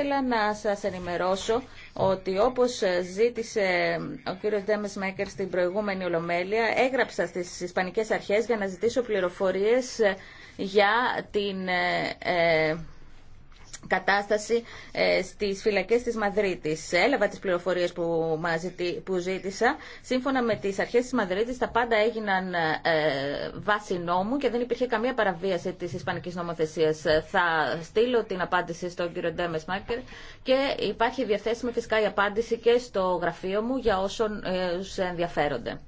ήθελα να σας ενημερώσω ότι όπως ζήτησε ο κύριος Ντέμες Μέκερ στην προηγούμενη Ολομέλεια, έγραψα στις Ισπανικές Αρχές για να ζητήσω πληροφορίες για την ε, ε, κατάσταση ε, στις φυλακές της Μαδρίτης. Έλαβα τις πληροφορίες που, που ζήτησα. Σύμφωνα με τις αρχές της Μαδρίτης τα πάντα έγιναν ε, βάση νόμου και δεν υπήρχε καμία παραβίαση της ισπανικής νομοθεσίας. Θα στείλω την απάντηση στον κύριο Ντέμες Μάκερ και υπάρχει διαθέσιμη φυσικά η απάντηση και στο γραφείο μου για όσων ε, ενδιαφέρονται.